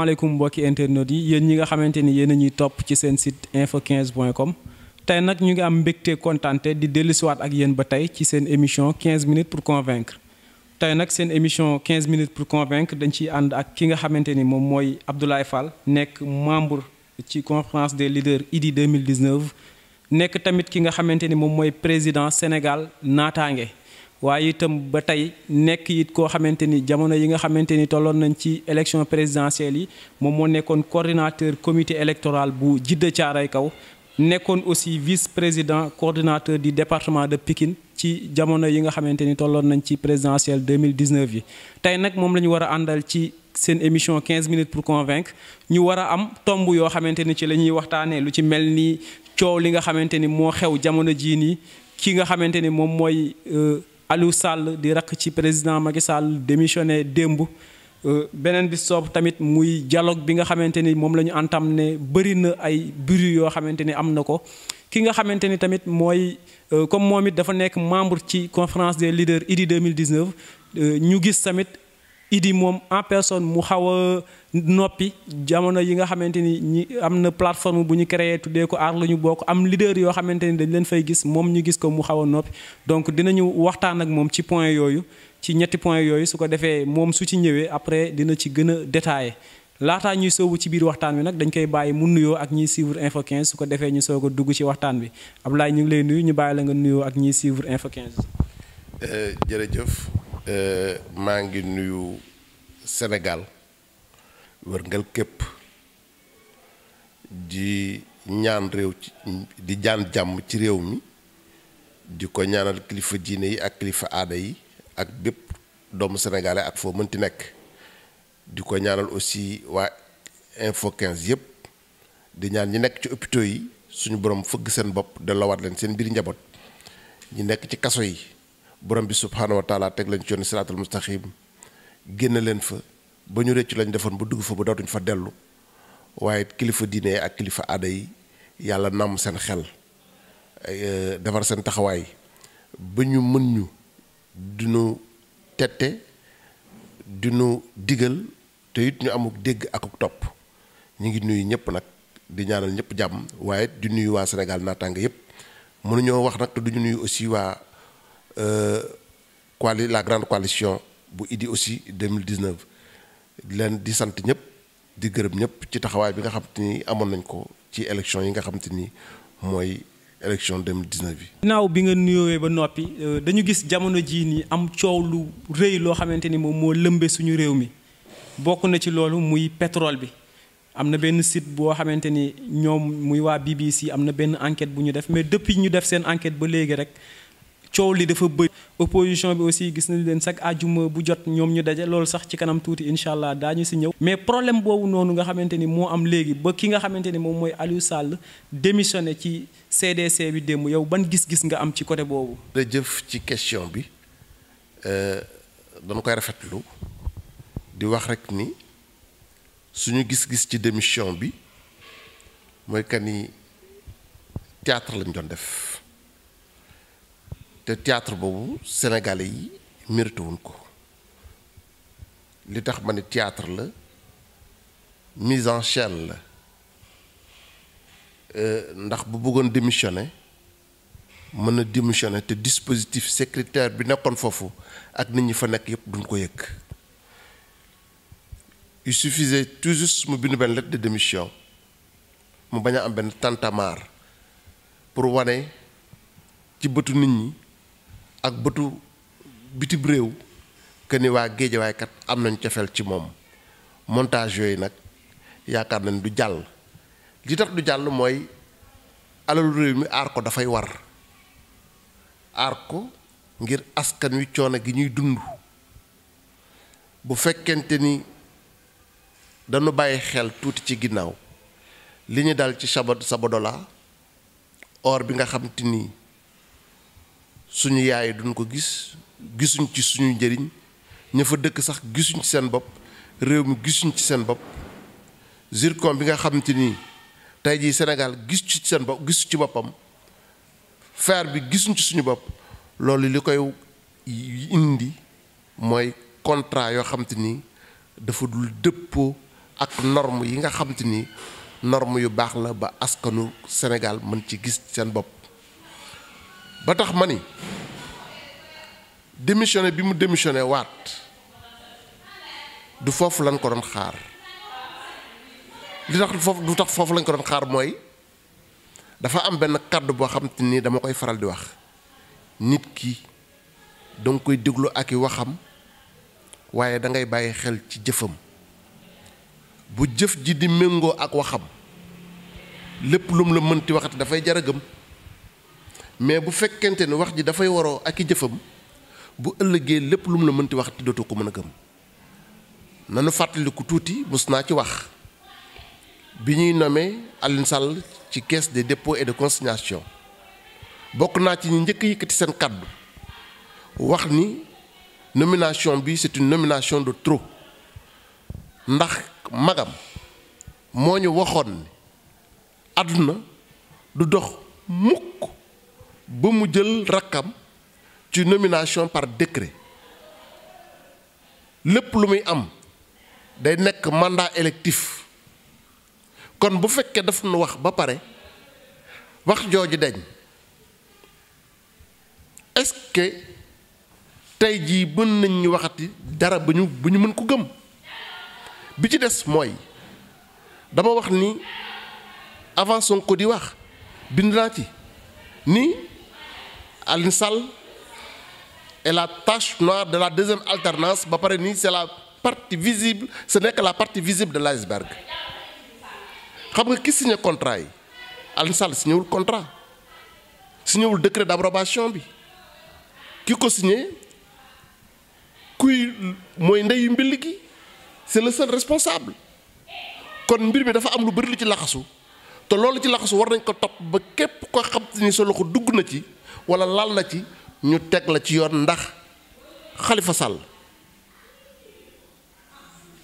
asalaamaaleykum mbokki internet yi yéen ñi nga xamante ni site info 15 émission 15 minutes pour convaincre tey nag émission 15 minutes pour convaincre dañ ciy Abdoulaye Fall membre ci conférence des leaders IDI 2019 nekk tamit ki nga président Sénégal naataange. waaye itam ba tey nekk it koo xamante ni jamono yi nga xamante ni tolloon nañ ci élection présidentielle yi moom moo nekkoon coordinateur comité électoral bu Jidda Caaray Kaw nekkoon aussi vice président coordinateur du département de Pikine ci jamono yi nga xamante ni tolloon nañ ci présidentielle 2019 yi tey nag moom lañu ñu war a àndal ci seen émission 15 minutes pour convaincre ñu war a am tomb yoo xamante ni ci la ñuy waxtaanee lu ci mel ni coow li nga xamante ni moo xew jamono jii nii ki nga xamante ni moom mooy euh, Aliou Sall di rakk ci président Macky Sall démissionné démb euh, beneen bi soob tamit muy dialogue bi nga xamante ni moom la ñu antam ne bëri na ay bruit yoo xamante ni am na ko ki nga xamante ni tamit mooy euh, comme moom it dafa nekk membre ci conférence des leaders IDI 2019 euh, ñu gis tamit idi moom en personne mu xaw a noppi jamono yi nga xamante ni ñi am na plateforme bu ñu créé tuddee ko aar lu ñu bokk am leader yoo xamante ni dañ leen fay gis moom ñu gis ko mu xaw a noppi donc dina dinañu waxtaan ak moom ci point yooyu ci ñetti point yooyu su ko defee moom su ci ñëwee après dina ci gën a détaillé laataa ñuy soobu ci biir waxtaan bi nag dañ koy bàyyi mu nuyoo ak ñiy suivre Info su ko defee ñu soog a dugg ci waxtaan bi Ablaye ñu ngi lay nuyu ñu bàyyi nga nuyoo ak ñiy suivre Info 15. Euh, jërëjëf. Euh, maa ngi nuyu senegal wërngal képp di ñaan réew ci di jaan jàmm ci réew mi di ko ñaanal kilifa diine yi ak kilifa aada yi ak bépp doomu sénégalais ak foo mënti nekk di ko ñaanal aussi waa info 15 yëpp di ñaan ñi nekk ci hôpitaux yi suñu borom fëgg seen bopp delloowaat leen seen biir njaboot ñi nekk ci kaso yi borom bi subhanahu wa taala tek lañ ci yoon siratul mustaqim genn leen fa ba ñu rëcc lañ defoon ba dugg fa ba dootuñ fa dellu waaye kilifa diine ak kilifa aada yi yàlla nam seen xel euh, defar seen taxawaay ba ñu mën ñu dunu tette dunu digal te it ñu amuk dégg akuk topp ñi ngi nuyu ñëpp nag di ñaanal ñëpp jàmm waaye di nuyu waa sénégal naataanga yëpp mënuñoo wax nag te duñu nuyu aussi waa Euh, coali la grande coalition bu Idy aussi 2019 di leen di sant ñëpp di gërëm ñëpp ci taxawaay bi nga xam ni amoon nañ ko ci élection yi nga xam te ni mooy élection 2019 bi. naaw bi nga nuyoowee ba noppi euh, dañu gis jamono jii nii am coow lu rëy loo xamante ni moom moo lëmbee suñu réew mi bokk na ci loolu muy pétrole bi. am na benn site boo xamante ni ñoom muy waa BBC am na benn enquête bu ñu def mais depuis ñu def seen enquête ba léegi rek coow li dafa bëri opposition bi aussi gis nañu leen chaque àjjuma bu jot ñoom ñu daja lool sax ci kanam tuuti incha allah daañu si ñëw mais problème boobu noonu nga xamante ni moo am léegi ba ki nga xamante ni moom mooy Aliou Sall démissionné ci CDC bi démb yow ban gis-gis nga am ci côté boobu da jëf ci question bi euh, dama koy rafetlu di wax rek ni suñu gis-gis ci démission bi mooy kan ni théâtre lañ doon def te théâtre boobu sénégalais yi mérité wuñ ko li tax ma théâtre la mise en scène la euh, ndax bu bëggone démissionner mëna na démissionner te dispositif secrétaire bi nekkoon fofu ak nit ñi fa nekk yëpp duñ ko yëg il suffisait tout juste mu bindu ben lettre de démission mu baña a am ben tantamar pour wané ci bëtu nit ñi ak bëtu bitib réew que ni waa géejawaay waaykat am nañ cofeel ci moom montage yooyu nag yaakaar nañ du jàll li tax du jàll mooy alalu réew mi aar ko dafay war aar ko ngir askan wi coono gi ñuy dund bu fekkente ni dañu bàyyi xel tuuti ci ginnaaw li ñu dal ci saba sabadola or bi nga xam te ni suñu yaay yi duñ ko gis gisuñ ci suñu njëriñ ña fa dëkk sax gisuñ ci seen bopp réew mi gisuñ ci seen bopp zircon bi nga xamante ni tey jii Sénégal gis ci seen gisu ci boppam fer bi gisuñ ci suñu bopp loolu li koy indi mooy contrat yoo xamante ni dafa dul dëppoo ak norme yi nga xamante ni norme yu baax la ba askanu Sénégal mën ci gis seen bopp ba tax ma démissionné bi mu démissionné waat du foofu lañ ko doon xaar li tax foofu du tax foofu lañ ko doon xaar mooy dafa am benn kàddu boo xam ni dama koy faral di wax nit ki da koy déglu ak waxam waaye da ngay bàyyi xel ci jëfam bu jëf ji di méngoo ak waxam lépp lum la mënti waxati dafay mais bu fekkente ne wax ji dafay waroo ak i jëfam bu ëllëgee lépp lu mu la mënti wax te dootoo ko mën a gëm nanu fàttaliku tuuti mus naa ci wax bi ñuy nomee Alioune Sall ci caisse de dépôts et de consignation bokk naa ci ñi njëkk yëkkati seen kàddu wax ni nomination bi c'est une de trop ndax magam moo ñu waxoon ni àdduna du dox mukk ba mu jël rakkam ci nomination par décret lepp lu muy am day nek mandat électif kon bu fekkee daf nu wax ba paré wax joji dañ est-ce que tay jii mën nañ ñu waxati dara buñu buñu bu mën ko gëm bi ci dess moy dama wax ni avant ko di wax bind naa ni al Sall et la tache noire de la deuxième alternance c'est la partie visible ce n'est que la partie visible de l'iceberg Qui signe le contrat al signe Sall signé le contrat signe le décret d'abrogation Qui a signé c'est le seul responsable kon mbir dit dafa am te loolu ci laxasu war nañ ko topp ba képp ko xam ni sa loxo dugg na ci wala lal na ci ñu teg la ci yoon ndax xalifa sàll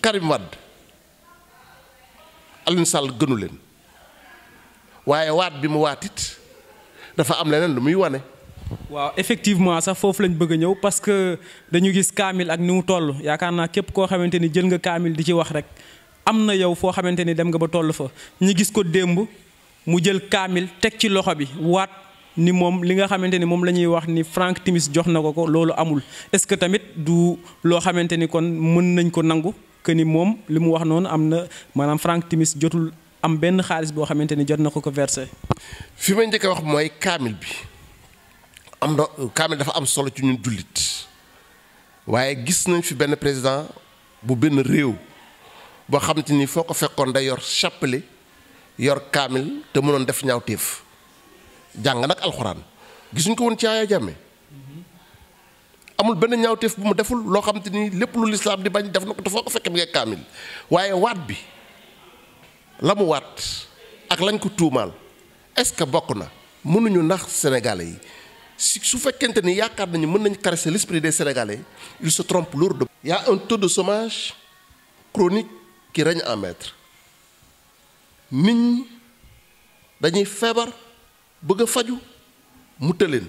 Karim Wade Alioune Sall gënu leen waaye waat bi mu waatit dafa am leneen lu muy wane waaw effectivement sax foofu lañ bëgg parce que dañu gis kamil ak ni toll yaakaar naa képp koo xamante jël nga kamil di ci wax rek am na yow foo xamante ni dem nga ba toll fa ñi gis ko démb mu jël kaamil teg ci loxo bi waat ni moom li nga xamante ni moom la ñuy wax ni Frank Timis jox na ko ko loolu amul est-ce que tamit du loo xamante ni kon mën nañ ko nangu que ni moom li mu wax noonu am na maanaam Frank Timis jotul am benn xaalis boo xamante ni jot na ko ko verse fi ma njëkk wax mooy kaamil bi am na kaamil dafa am solo ci ñun jullit waaye gis nañ fi benn président bu benn réew. bo xamanteni foko fekkon da yor chapelet yor kamil te mënon def ñaawteef jàng nag ko won ci amul ben ñaawteef bu mu deful lo xamanteni lepp lu l'islam di bañ def na te foo ko fekkee mu ngi bi lamu wat ak lañ ko tumal est-ce que bokk na nax sénégalais yi si su fekkente ni yaakaar nañu mën nañ caresser l'esprit des sénégalais il se trompe lourdement. il y a un taux de chômage chronique ki règne en maître nit ñi dañuy feebar bëgg a faju mu tëleen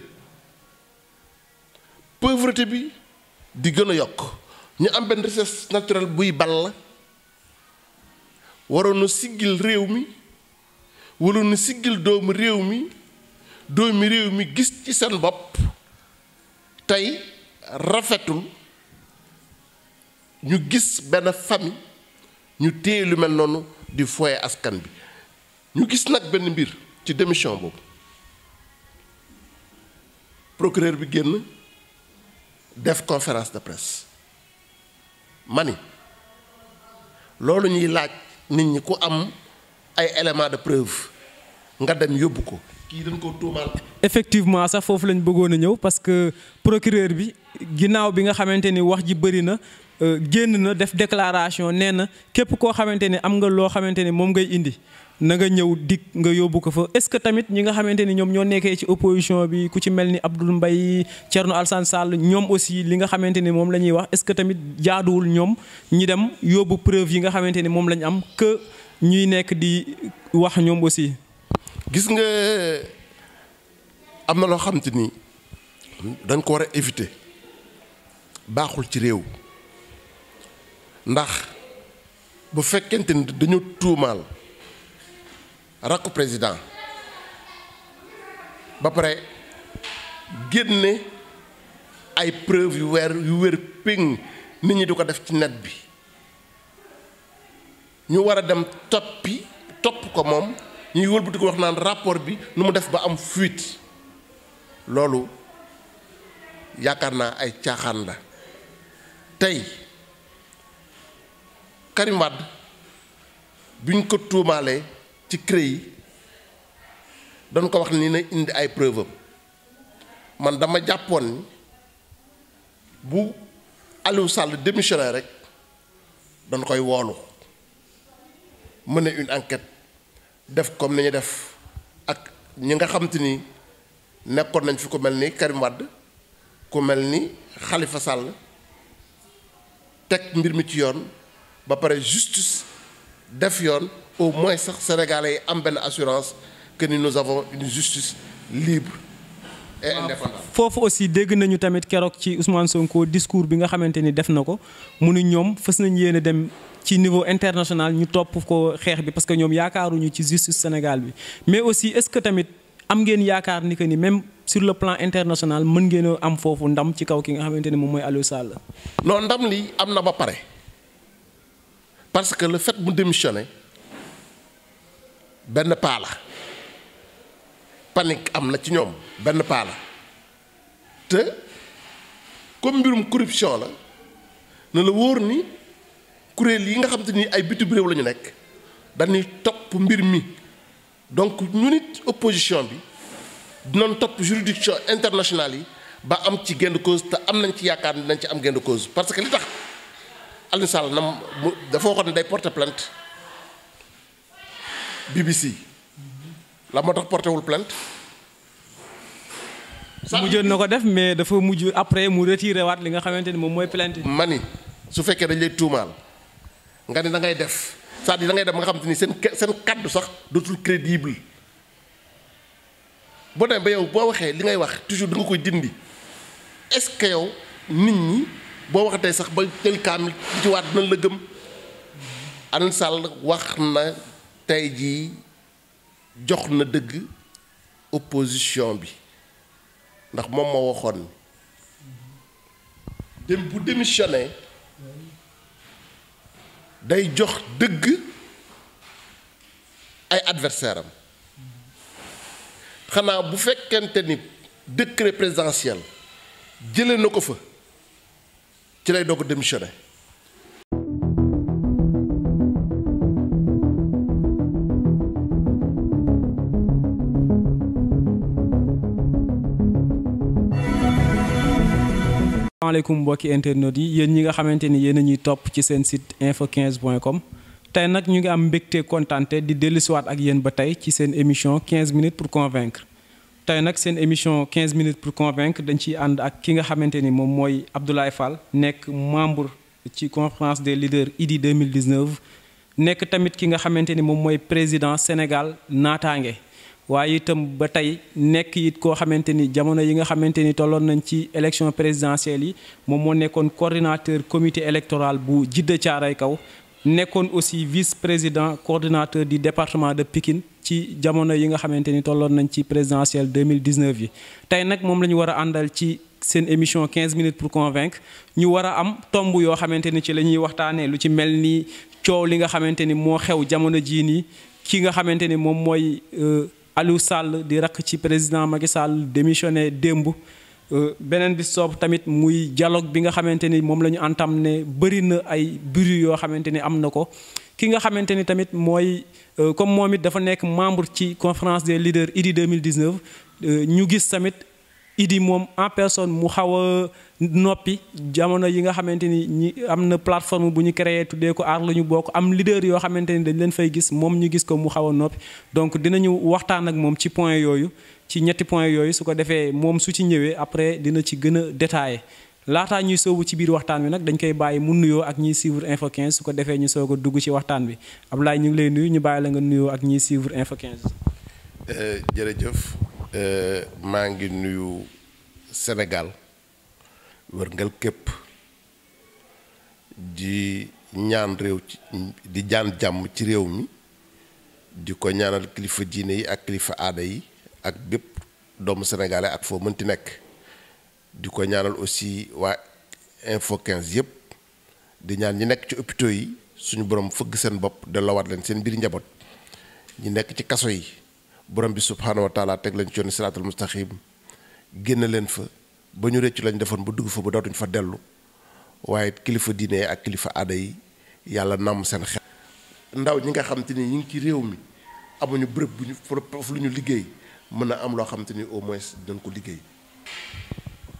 pauvreté bi di gën a yokk ñu am benn richesse naturelle buy ball waroon na siggil réew mi wala siggil doomu réew mi doomi réew mi gis ci seen bopp tey rafetul ñu gis benn famille ñu téye lu mel noonu di foye askan bi ñu gis nag benn mbir ci démission boobu procureur bi génn def conférence de presse ma ni loolu ñuy laaj nit ñi ku am ay éléments de preuve nga dem yóbbu ko kii dañ ko tuumaal effectivement sax foofu lañu bëggoon a ñëw parce que procureur bi ginnaaw bi nga xamante ni wax ji bëri na Euh, génn na def déclaration nee na képp koo xamante ne am nga loo xamante ne moom ngay indi na nga ñëw dikk nga yóbbu ko fa est-ce que tamit ñi nga xamante ni ñoom ñoo nekkee ci opposition bi ku ci mel ni Abdoul mbay Thierno Alassane Sall ñoom aussi li nga xamante ni moom lañuy wax est-ce que tamit jaaduwul ñoom ñi dem yóbbu preuve yi nga xamante ni moom la ñu am que ñuy nekk di wax ñoom aussi. gis nga am na loo xam te ni dañ ko war a éviter baaxul ci réew. ndax bu fekkente ni dañu tuumaal rakku président ba pare génne ay preuve yu weer yu wér péng nit ñi du ko def ci net bi ñu war a dem toppi topp ko moom ñuy wëlbati ko wax naan rapport bi nu mu def ba am fuite loolu yaakaar naa ay caaxaan la tey Karim Wade bi ñu ko tuumaalee ci CREI yi dañ ko wax ni na indi ay preuve am man dama jàppoon bu Aliou sàll démissionné rek dañ koy woolu mën mener une enquête def comme ni ñu def ak ñi nga xam te ni nekkoon nañ fi ku mel ni Karim Wade ku mel ni xalifa Sall teg mbir mi ci yoon ba pare justice def yoon au moins sax sénégalais yi am benn assurance que ni nous avons une justice libre et indépendante. foofu aussi dégg nañu tamit keroog ci Ousmane Sonko discours bi nga xamante ni def na ko mu ne ñoom fës nañ yéen a dem ci niveau international ñu topp ko xeex bi parce que ñoom yaakaaruñu ci justice Sénégal bi mais aussi est-ce que tamit am ngeen yaakaar ni que ni même sur le plan international mën ngeen a am foofu ndam ci kaw ki nga xamante ni moom mooy Aliou Sall. non ndam li am na ba pare parce que le fait mu démissionner ben paa la panique am na ci ñom ben paa la te comme birum corruption la na la wor ni kuréel yi nga xam te ay bitim rew lañu nek dañuy top mbir mi donc ñu nit opposition bi dinañ top juridiction internationale yi ba am ci gain cause te am nañ ci yaakaar ni ci am gain cause parce que li tax Aliou Sall nam mu dafa waxoon day porter plainte BBC la moo tax porté wul plainte. mu jeun nako def mais dafa mujj après mu retirer wat li nga xamanteni mom moy plainte. mani su fekke dañ lay tuumaal nga ni da ngay def sa di da ngay def nga xamanteni sen sen cadre kaddu sax dootul crédible bo dem ba yow bo waxe li ngay wax toujours da nga koy dindi est-ce que yow nit ñi. boo waxatee sax ba jël kaamil di ci waat dinañ la gëm Alioune wax na tey jii jox na dëgg opposition bi ndax moom moo waxoon dem bu démissionné day jox dëgg ay adversaire am xanaa bu fekkente ni décret présidentiel jële na ko fa ci lay doog a démissionné. maaleykum mbokki internautes yi yeen ñi nga xamanteni yeen yéen a ñuy top ci seen site info 15com tay nak ñu ngi am mbecté contenté di délissuat ak yeen ba tay ci seen émission 15 minutes pour convaincre tay nak seen émission 15 minutes pour convaincre dañ ciy ànd ak ki nga xamante mom moy Abdoulaye Fall nek membre ci conférence des leaders IDI 2019 nek tamit ki nga xamante mom moy président Sénégal Natangé waaye itam ba tey nekk it koo xamante jamono yi nga xamante ni nañ ci élection présidentielle yi mom mo nekkoon coordinateur comité électoral bu Jidda Caaray Kaw nekkoon aussi vice-président coordinateur di département de Pikine ci jamono yi nga xamante ni tolloon nañ ci présidentielle 2019 yi tey nag moom la ñu war a àndal ci seen émission 15 minutes pour convaincre ñu war a am tomb yoo xamante ni ci la ñuy waxtaanee lu ci mel ni coow li nga xamante ni moo xew jamono jii nii ki nga xamante ni moom mooy euh, Aliou Sall di rakk ci président Macky Sall démissionné démb Euh, beneen bi soob tamit muy jaloog bi nga xamante ni moom la ñu antam ne bëri na ay bruit yoo xamante ni am na ko ki nga xamante ni tamit mooy euh, comme moom it dafa nekk membre ci conférence des leaders IDI 2019 euh, ñu gis tamit IDI moom en personne mu xaw a noppi jamono yi nga xamante ni ñi am na plateforme bu ñu créé tuddee ko aar lu ñu bokk am leader yoo xamante ni dañ leen fay gis moom ñu gis ko mu xaw a noppi donc dinañu waxtaan ak moom ci point yooyu ci ñetti point yooyu su ko defee moom su ci ñëwee après dina ci gën a détaillé laataa ñuy soobu ci biir waxtaan bi nag dañ koy bàyyi mu nuyoo ak ñiy suivre info su ko defee ñu soog a dugg ci waxtaan bi Ablaye ñu ngi lay nuyu ñu bàyyi nga nuyoo ak ñiy suivre info euh, jërëjëf euh, maa ngi nuyu Sénégal wërngal képp di ñaan réew di jaan jàmm ci réew mi di ko ñaanal kilifa diine yi ak kilifa aada yi. ak bépp doomu sénégalais ak foo mënti nekk di ko ñaanal aussi waa info 15 yëpp di ñaan ñi nekk ci hôpitaux yi suñu borom fëgg seen bopp delloowaat leen seen biir njaboot ñi nekk ci kaso yi borom bi subhaanahu wa taala teg leen ci yoon siraatul mustaqim génn leen fa ba ñu rëccu lañ defoon ba dugg fa ba dootuñ fa dellu waaye kilifa diine ak kilifa aada yi yàlla nam seen xel. ndaw ñi nga xam te ni ñu ngi ci réew mi amuñu bërëb bu ñu lu ñu liggéey. mën am loo xamante au moins dañ ko liggéey.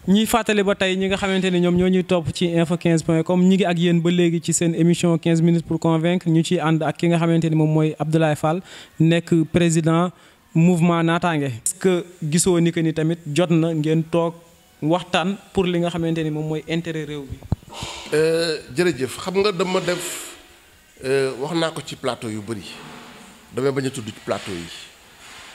ñuy fàttali ba tay ñi nga xamanteni ñom ñoom ñoo ñuy top ci info 15com ñi ngi ak yeen ba légui ci seen émission 15 minutes pour convaincre ñu ci and ak ki nga xamanteni mom moy mooy Abdoulaye Fall nek président mouvement natangé est-ce que gisoo ni que ni tamit jot na ngeen tok waxtan pour li nga xamanteni mom moy intérêt réew bi euh jërëjëf xam nga dama def euh, wax naa ko ci plateau yu bari damay bañ a tudd ci plateau yi.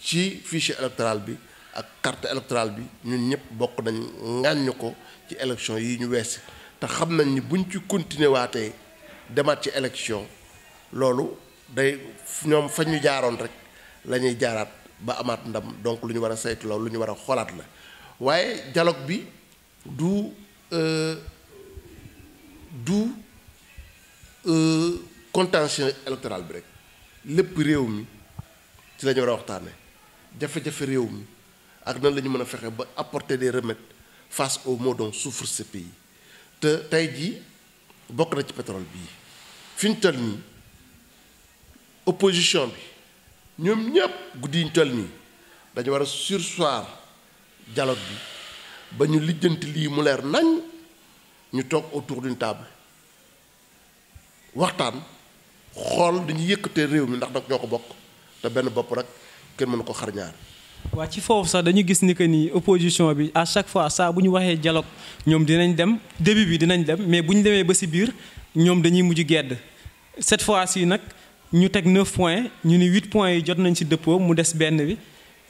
ci fichier électoral bi ak carte électorale bi ñun ñëpp bokk nañ ŋàññu ko ci élection yi ñu wees te xam nañ ni buñ ci continuer waatee demaat ci élection loolu day ñoom fa ñu jaaroon rek la ñuy jaaraat ba amaat ndam donc lu ñu war a saytu la lu ñu war a xoolaat la waaye dialogue bi du euh, du euh, contentieux électoral bi rek lépp réew mi ci la ñu war a waxtaane jafe-jafe réew mi ak nan lañu mëna fexé ba apporter des remèdes face au maux dont souffre ce pays te tey jii bokk na ci pétrole bi fiñ ñu toll opposition bi ñom ñep guddi yi ñu toll dañu war a sursoir dialogue bi ba ñu lijjanti lii mu leer nañ ñu tok autour d'une table waxtaan xol dañu yëkkatee réew mi ndax nag ñoo ko bokk te benn bopp rek kenn mënu ko xar ñaar. waa ci foofu sax dañu gis ni que ni opposition bi à chaque fois saa bu ñu waxee dialogue ñoom dinañ dem début bi dinañ dem mais bu ñu demee ba si biir ñoom dañuy mujj gedd cette fois ci nag ñu teg 9 points ñu ni 8 points yi jot nañ si dëppoo mu des benn bi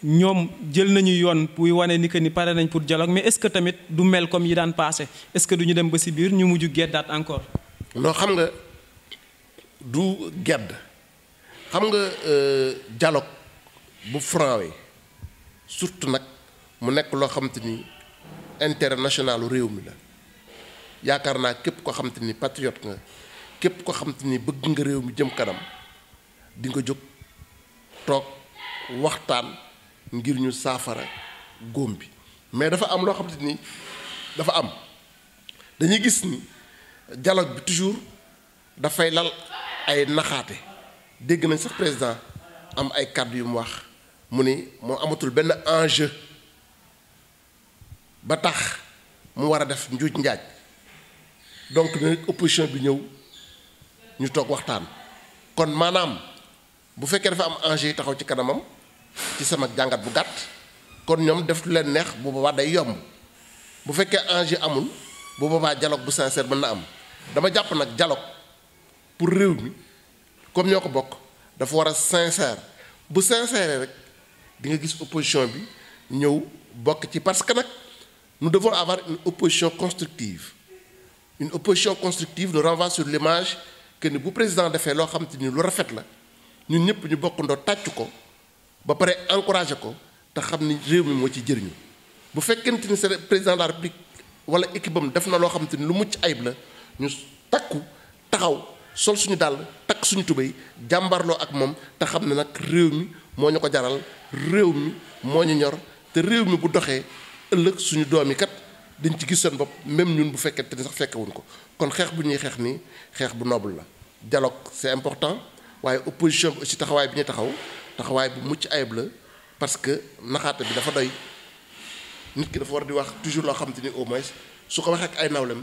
ñoom jël nañu yoon buy wane ni que ni pare nañ pour dialogue mais est-ce que tamit du mel comme yi daan passé est-ce que du dem ba si biir ñu mujj geddaat encore. non xam nga du gedd nga euh, dialogue bu franc surtout nag mu nekk loo xam te ni international réew mi la yaakaar naa képp ko xam te ni patriote nga képp ko xam ni bëgg nga réew mi jëm kanam di nga jóg toog waxtaan ngir ñu saafara góom bi mais dafa am loo xam ni dafa am dañuy gis ni dialogue bi toujours dafay lal ay naxaate dégg nañ sax président am ay kàddu yu mu wax muni mo amatul ben ange ba tax mu wara def njuj njaaj donc ne opposition bi ñew ñu tok waxtaan kon manam bu fekke dafa am ange yi taxaw ci kanamam ci sama jangat bu gàtt kon ñom def lu leen neex bu boobaa day yomb bu fekke ange amul bu baba dialogue bu sincère mën na am dama japp nak dialogue pour réew mi comme ñoko bok dafa wara a sincère bu sincère rek di nga gis opposition bi ñëw bokk ci parce que nag nous devons avoir une opposition constructive une opposition constructive nous renvoie sur l'image que ni bu président defee loo xam te ni lu rafet la ñun ñëpp ñu bokk ndoo tàcc ko ba pare encouragé ko te xam ni réew mi moo ci jëriñu bu fekkente ni seen président de la république wala équipe am def na loo xam te lu mucc ayib la ñu takku taxaw sol suñu dàll takk suñu tubéy jàmbarloo ak moom te xam ne nag réew mi moo ñu ko jaral réew mi moo ñu ñor te réew mi bu doxee ëllëg suñu doom yi kat dañ ci gis seen bopp même ñun bu fekkente ni sax wuñ ko kon xeex bu ñuy xeex nii xeex bu noble la dialogue c'est important waaye opposition bi aussi taxawaay bi ñuy taxaw taxawaay bu mucc ayib la parce que naxaate bi dafa doy nit ki dafa war di wax toujours loo xam te ni au moins su ko waxee ak ay nawlem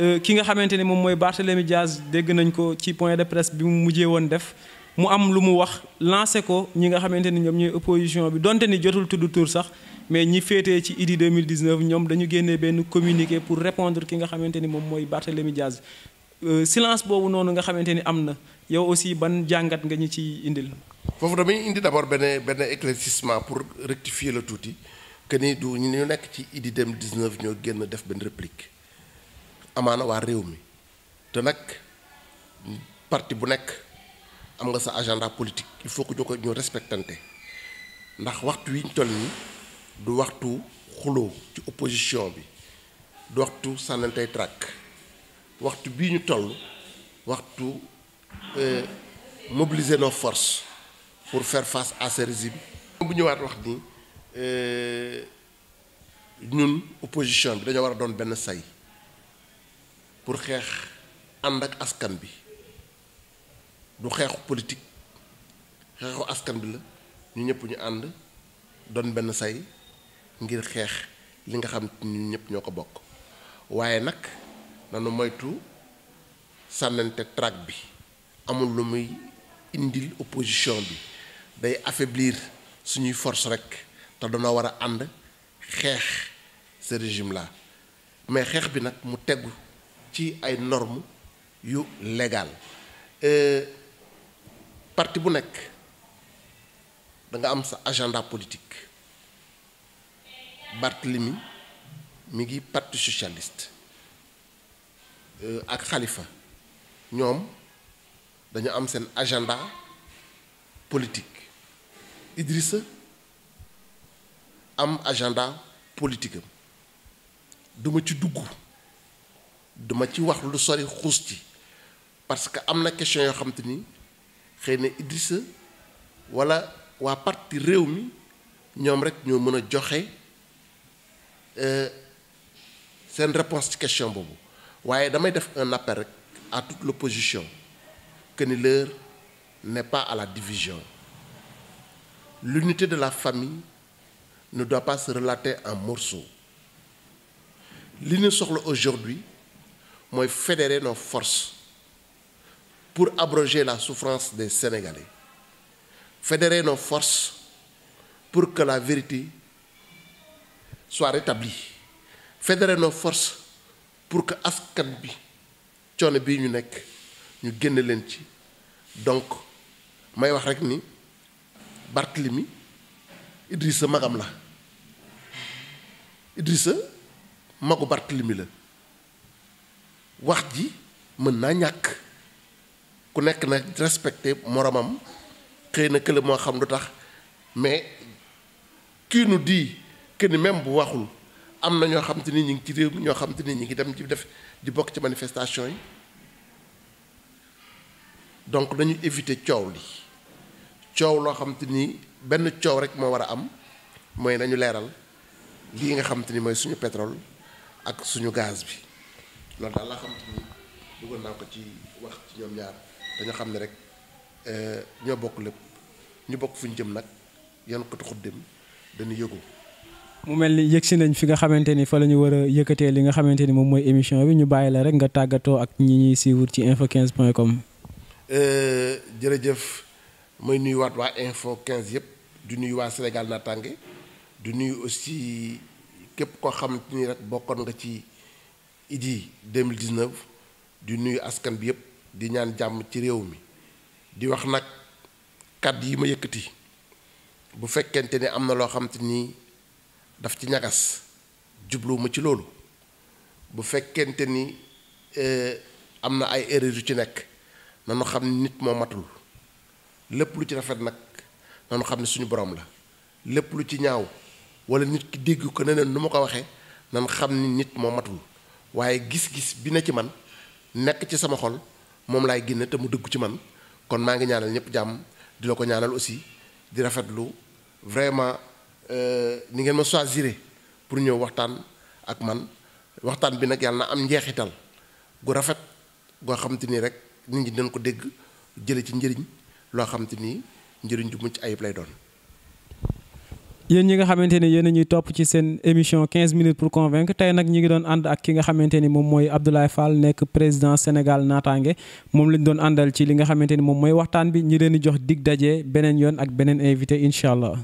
Euh, ki nga xamanteni mom moy mooy Diaz dégg nañ ko ci point de presse bi mu mujjé won def mu am lu mu wax lancé ko ñi nga xamanteni ñom ñoy opposition bi donte ni jotul tuddu tour sax mais ñi fété ci IDI 2019 ñom dañu génné ben communiqué pour répondre ki nga xamanteni mom moy mooy Diaz euh, silence bobu nonu nga xamanteni amna yow aussi ban jangat nga ñi ci indil. fofu damay indi d'abord ben benn éclaircissement pour rectifier la touti que ni du ñu nek ci IDI 2019 ñoo génn def ben réplique amana waa réew mi te parti bu nek am nga sa agenda politique il faut que joko ñu respectante ndax waxtu wi ñu toll nii du waxtu xulo ci opposition bi du waxtu sànnantey track waxtu bi ñu toll waxtu euh, mobiliser nos forces pour faire face à ce régime bu ñëwaat wax ni euh, ñun opposition bi dañu wara a doon say pour xeex ànd ak askan bi du xeexu politique xeexu askan bi la ñu ñëpp ñu ànd doon benn say ngir xeex li nga xam ni ñu ñëpp ñoo ko bokk waaye nag nanu moytu sànnante traque bi amul lu muy indil opposition bi day affaiblir suñuy force rek te danoo war a ànd xeex ce régime là mais xeex bi nag mu tegu ci ay normes yu légal euh, parti bu nek da nga am sa agenda politique Barthélemy mi un parti socialiste euh, ak Khalifa ñom dañu am sen agenda politique Idrissa am agenda politique duma ci dugg duma ci wax lu sori xuus ci parce que am na question yoo xam te ni xëy na Idrissa wala waa parti réew mi ñoom rek ñoo mën a joxe euh, seen réponse ci question boobu waaye damay def un appel rek à toute l'opposition que ni l'heure n'est pas à la division l'unité de la famille ne doit pas se relater en morceaux li ñu soxla aujourd'hui moi, fédérer nos forces pour abroger la souffrance des Sénégalais fédérer nos forces pour que la vérité soit rétablie fédérer nos forces pour que askan bi coono bii ñu nekk ñu ci donc may wax rek ni Barthélemy Idrissa magam Idrissa wax ji mën naa ñàkk ku nekk na respecté moromam xëy na kële moo xam lu tax mais kii nu di que ni même bu waxul am na ñoo xam te ni ñu ngi ci réew ñoo xam ni ñu ngi dem di def di bokk ci manifestation yi donc dañuy éviter coow li coow loo xam te ni benn coow rek moo war a am mooy nañu leeral lii nga xam te ni mooy suñu pétrole ak suñu gaz bi. loolu daal laa xamante ni bëggoon naa ko ci wax ci ñoom ñaar dañoo xam ne rek euh, ñoo bokk lépp ñu bokk fu ñu jëm nag yan ko taxut dem dañu yëgu. mu mel ni yëgsi nañ fi nga xamante ni fa la ñu war a yëkkatee li nga xamante ni moom mooy émission bi ñu bàyyi la rek nga tàggatoo ak ñi ñuy suivre ci info 15 point com. Euh, jërëjëf may nuyuwaat waa info 15 yëpp du nuyu waa Sénégal naataange du nuyu aussi képp koo xamante ni rek bokkoon nga ci. Idy 2019 di nuyu askan bi yëpp di ñaan jàmm ci réew mi di wax nag kàddu yi ma yëkkati bu fekkente ni am na loo xam te ni daf ci ñagas jubluwuma ci loolu bu fekkente ni e, am na ay erreurs ci nekk nanu xam ni nit moo matul lépp lu ci rafet nag nanu xam ne suñu borom la lépp lu ci ñaaw wala nit ki dégg ko neneen nu ma ko waxee nan xam ni nit moo matul waaye gis-gis bi na ci man nekk ci sama xol moom laay génne te mu dëggu ci man kon maa ngi ñaanal ñëpp jàmm di la ko ñaanal aussi di rafetlu vraiment euh, ni ngeen ma choisir pour ñëw waxtaan ak man waxtaan bi nag yàlla na am njeexital gu rafet goo xam te ni rek nit ñi dañ ko dégg jële ci njëriñ loo xam te ni njëriñ ju mucc ayib lay doon yéen ñi nga xamante ni yéen a ñuy topp ci seen émission 15 minutes pour convaincre tey nag ñu ngi doon ànd ak ki nga xamante ni moom mooy Abdoulaye Fall nekk président Sénégal naataange moom lañ doon àndal ci li nga xamante ni moom mooy waxtaan bi ñi leen di jox dig daje beneen yoon ak beneen invité incha allah.